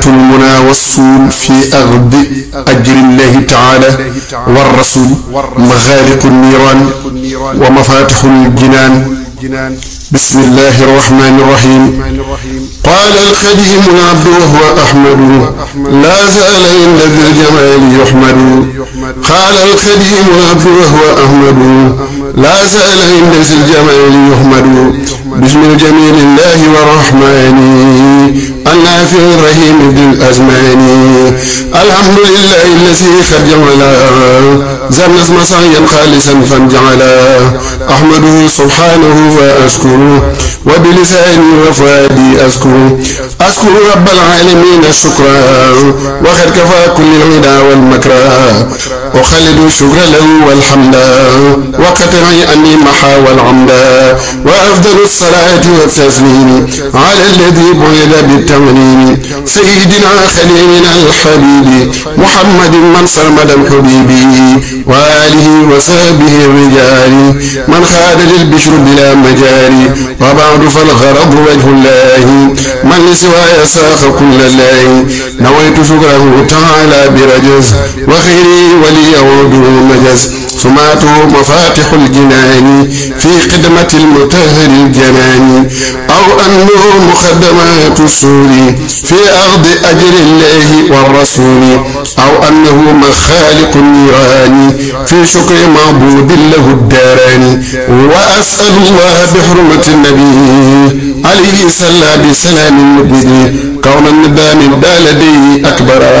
xayaatul munaa wa suul fi axdi ajrillahi taala war rasul maxaaliqu niiraan wa mafaatixul jinaan bismillahi irrahmani irrahim qaala alxadimu alabdu wa huwa ahmadu laa zaala inda biljamaali yuxmadu qaala alxadimu alabdu wa huwa ahmadu laa zaala inda biljamaali yuxmadu bismi ljamiilillahi wa rahmani النافع الرحيم ذي الأزمان الحمد لله الذي قد جمع زرنز مسعيا خالصا فانجعلا أحمده سبحانه فأشكره وبلساني وفؤادي أذكر أذكر رب العالمين الشكرا وقد كفى كل العدا والمكرا أخلد الشكر له والحمد وقطعي أني محا والعمدا وأفضل الصلاة والتسليم على الذي بعد بالتمنين سيدنا خليلنا الحبيب محمد من صمد حبيبي وآله وصحبه الرجال من خاد للبشر بلا مجال وبعد فالغرض وجه الله من لسواي ساق كل الله نويت شكره تعالى برجز وخيري ولي ودون مجز سماته مفاتح الجنان في خدمة المطهر الجنان أو أنه مخدمات السور في أرض أجر الله والرسول أو أنه مخالق النيران في شكر معبود له الداران وأسأل الله بحرمة النبي عليه صلى بسلام مبين كونا الندام دا لديه أكبرا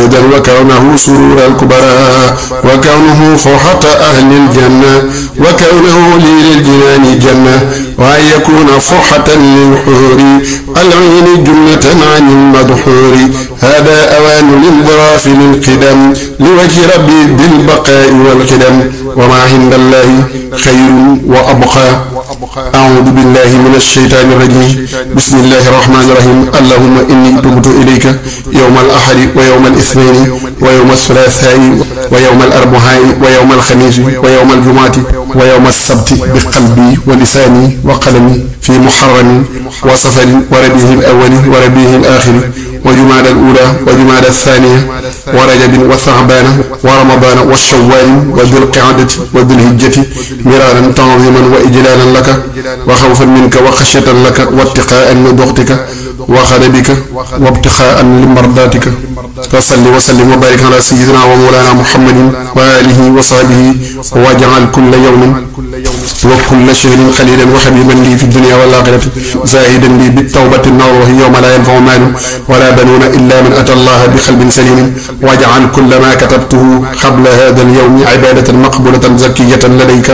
رضا وكونه سرور الكبرى وكونه فرحة أهل الجنة وكونه لي للجنان جنة وأن يكون فرحة للحور العين جنة عن المدحور هذا أوان للضراف للقدم لوجه ربي بالبقاء والقدم وما عند الله خير وأبقى أعوذ بالله من الشيطان الرجيم بسم الله الرحمن الرحيم اللهم إني تبت إليك يوم الأحد ويوم الاثنين ويوم الثلاثاء ويوم الأربعاء ويوم الخميس ويوم الجمعة ويوم السبت بقلبي ولساني وقلمي في محرم وصفر وربيع الأول وربيع الآخر wa jumaada al-uula wa jumaada al-saaniya wa rajabin wa saxbaana wa ramadaana wa shawwaalin wa dul qiadati wa dul hijjati miraaran tanziman wa ijlaalan laka wa xawfan minka wa xashyatan laka wa ittiqaa'an min doxtika وغضبك وابتغاء لمرضاتك فصل وسلم وبارك على سيدنا ومولانا محمد وآله وصحبه واجعل كل يوم وكل شهر قليلا وحبيبا لي في الدنيا والآخرة زاهدا لي بالتوبة النار وهي يوم لا ينفع مال ولا بنون إلا من أتى الله بقلب سليم واجعل كل ما كتبته قبل هذا اليوم عبادة مقبولة زكية لديك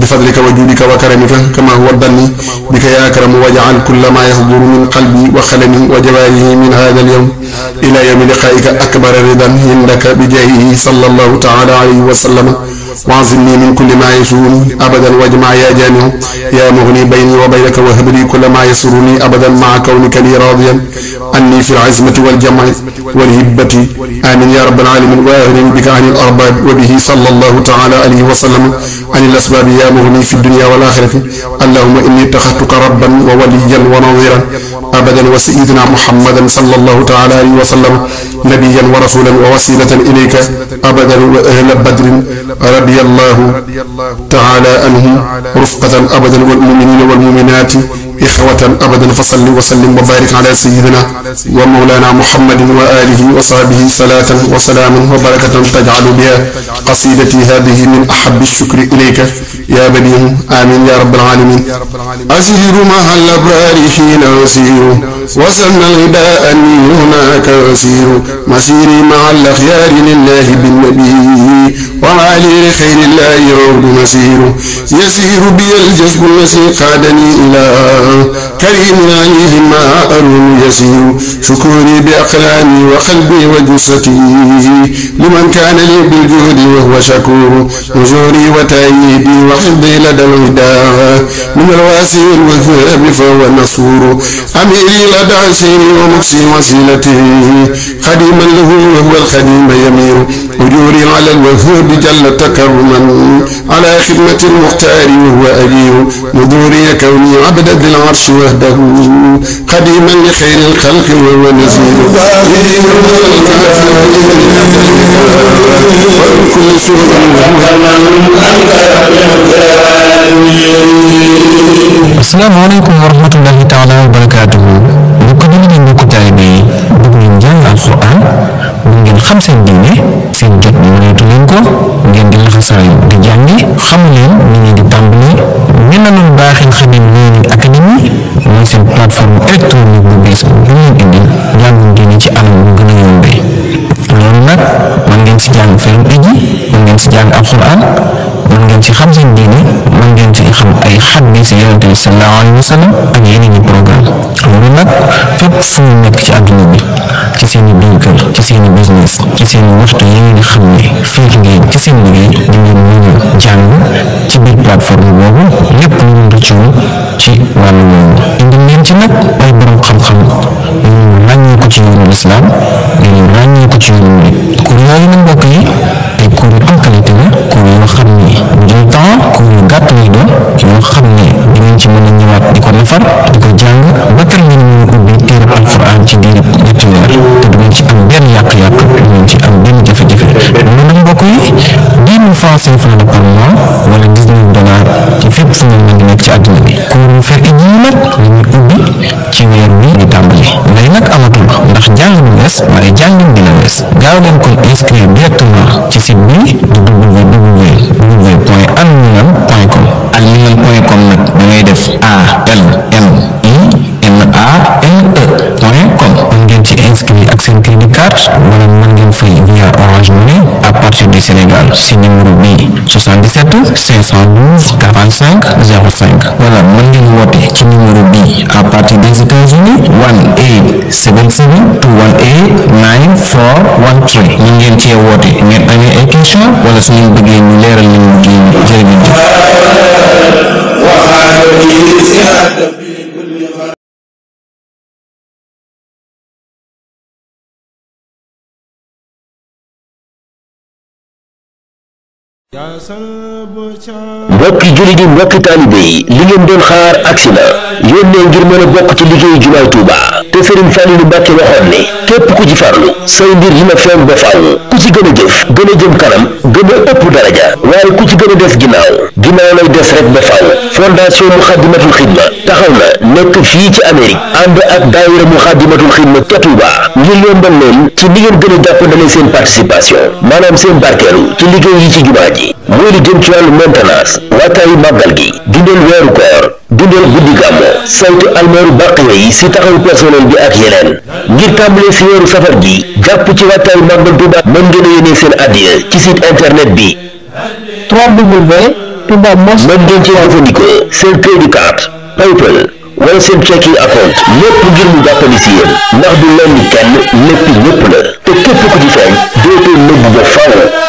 بفضلك وجودك وكرمك كما هو الدني بك يا أكرم واجعل كل ما يصدر من قلبي وقلمه وجواله من هذا اليوم إلى يوم لقائك أكبر رضا عندك بجاهه صلى الله تعالى عليه وسلم واعصمني من كل ما يسرني أبدا واجمع يا جامع يا مغني بيني وبينك وهب لي كل ما يسرني أبدا مع كونك لي راضيا أني في العزمة والجمع والهبة آمين يا رب العالمين وأغني بك عن الأرباب وبه صلى الله تعالى عليه وسلم عن الأسباب يا مغني في الدنيا والآخرة اللهم إني اتخذتك ربا ووليا ونظيرا أبدا محمدا وسيدنا محمدا صلى الله تعالى عليه وسلم نبيا ورسولا ووسيلة إليك أبدا وأهل بدر رضي الله تعالى عنهم رفقة أبدا والمؤمنين والمؤمنات إخوة أبدا فصل وسلم وبارك على سيدنا ومولانا محمد وآله وصحبه صلاة وسلام وبركة تجعل بها قصيدتي هذه من أحب الشكر إليك يا بديع آمين يا رب العالمين أسير مع الأبرار حين أسير وسن الغداء أني هناك أسير مسيري مع الأخيار لله بالنبي وما لي خير الله عود مسير يسير بي الجسم الذي قادني إلى كريم عليه ما أروم يسير شكوري بأقلامي وقلبي وجثتي لمن كان لي بالجهد وهو شكور نزوري وتأييدي حزبي لدى الوداع من الواسع الوثاب فهو النصور أميري لدى عسيري ومكسي وسيلته خديما له وهو الخديم يمير أجوري على الوهاب جل تكرما على خدمة المختار وهو أجير نذوري كوني عبد ذي العرش وحده قديما لخير الخلق وهو نزير وكل سورة وهو asalaamaaleykum wa rahmatullahi taala wa barakaatuhu bu ko déglu ngeen mbokku taalibe yi bëgg ngeen jàng alquran bu ngeen xam seen diine seen jot ñu moytu leen ko ngeen di laxasaay di jàngi xamu leen ni ngeen di tàmbali mel na noonu baaxil xamin learning seen plateforme électronique bu bees bu leen indil njàngum diine ci anam bu gën a yombee loolu nag mën ngeen si jàng film iji mën ngeen si jàng alquran ma ngeen ci xam seen diine man ngeen ci xam ay xadis yonent bi sallallahu alayhi wa sallam ak yeneen i programme nekk ci àdduna bi ci seen i biir ci seen i business ci seen i waxtu yi ngeen xam ne féet ngeen ci seen liggéey di ngeen mën a jàng ci biir plateforme boobu lépp lu ngeen rëccu ci wàllu woowu indi ngeen ci nag ay borom xam-xam ñu ràññee ko ci yoonu lislaam ñu ràññee ci yoonu kuréel yi nag mbokk yi ci diirub ñetti weer te du ngeen ci am benn yàq-yàq du ngeen ci am benn jafe-jafe loolu nag mbokk yi dix mille francs CFA la par mois wala dix ci fépp fu ngeen nekk ci àddina bi koor fekk nag li ñu ubbi ci weer wi ñu tàmbali lay nag amatul ndax jàng ñu wees waaye jàngin dina wees gaaw leen kon inscrire directement ci site bi di www point alminan point com nag da def A L maanaam mën ngeen fay via Orange Money à partir du Sénégal si numéro bi 77 mën ngeen woote ci numéro bi à partir des États-Unis 1 877 218 9413 ñu ngeen cee woote ngeen amee ay question wala su ngeen bëggee ñu leeral leen kii jërëjëf mbokki jullit yi mbokki taalibe yi li ngeen doon xaar agsi na yónnee ngir mën a bokk ci liggéeyu jumaay Tuuba te Serigne Fallou Mbacke waxoon ne képp ku ci farlu say mbir dina feeñ ba faaw ku ci gën a jëf gën a jëm kanam gën a ëpp daraja waaye ku ci gën a des ginnaaw ginnaaw lay des rek ba faaw fondation Muxaddamatul Xidma taxaw na nekk fii ci Amérique ànd ak daayira Muxaddamatul Xidma ca Tuuba ngir yombal leen ci li ngeen gën a jàppandalee seen participation maanaam seen barkeelu ci liggéey yi ci jumaa ji gi muy lu jëm ci wàllu maintenance wattaayu màggal gi dundal weeru koor dundal guddi gàmmu saytu almeeru bàqiya yi si taxaw personnel bi ak yeneen ngir tàmbalee si weeru safar gi jàpp ci wattaayu màggal Touba mën ngeen a yéene seen ci site internet bi mën ngeen ci jëfandikoo seen crédit card paypal wala seen checking account lépp ngir mu jàppale si yéen ndax du lenn kenn lépp ñëpp la te képp ku ci feeñ dootoo nëbb ba faaw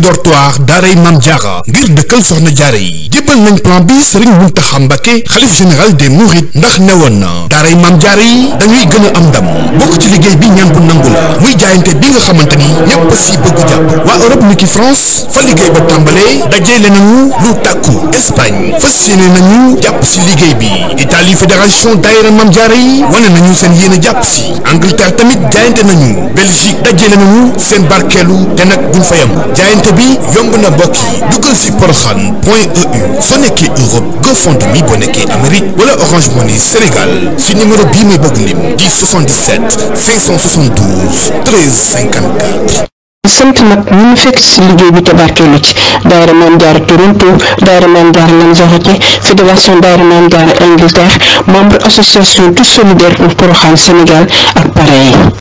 dortoir daaray Maam Jaara ngir dëkkal soxna jaare yi jébbal nañ plan bi Serigne Mountakha Mbacké xalif général des mourides ndax woon na daaray Maam Jaara yi dañuy gën am ndam bokk ci liggéey bi ñaan bu nangu la muy jaayante bi nga xamante ni ñépp si bëgg jàpp waa Europe ni ki France fa liggéey ba tàmbalee dajeele nañu lu tàkku Espagne fas yéene nañu jàpp si liggéey bi Italie fédération daayira Maam Jaara yi wane nañu seen yéene jàpp si Angleterre tamit jaayante nañu Belgique dajeele nañu seen barkeelu te nag duñ fa yam woote bi yomb na mbokk yi duggal si e sant nag ñu ngi fekk ci liggéey bi tabarkeelu ci daayira Maam Jaara Toronto daayira Maam Jaara Lanzarote fédération daayira Maam Jaara Angleterre membre association tous solidaires pour Porokhane Sénégal ak pare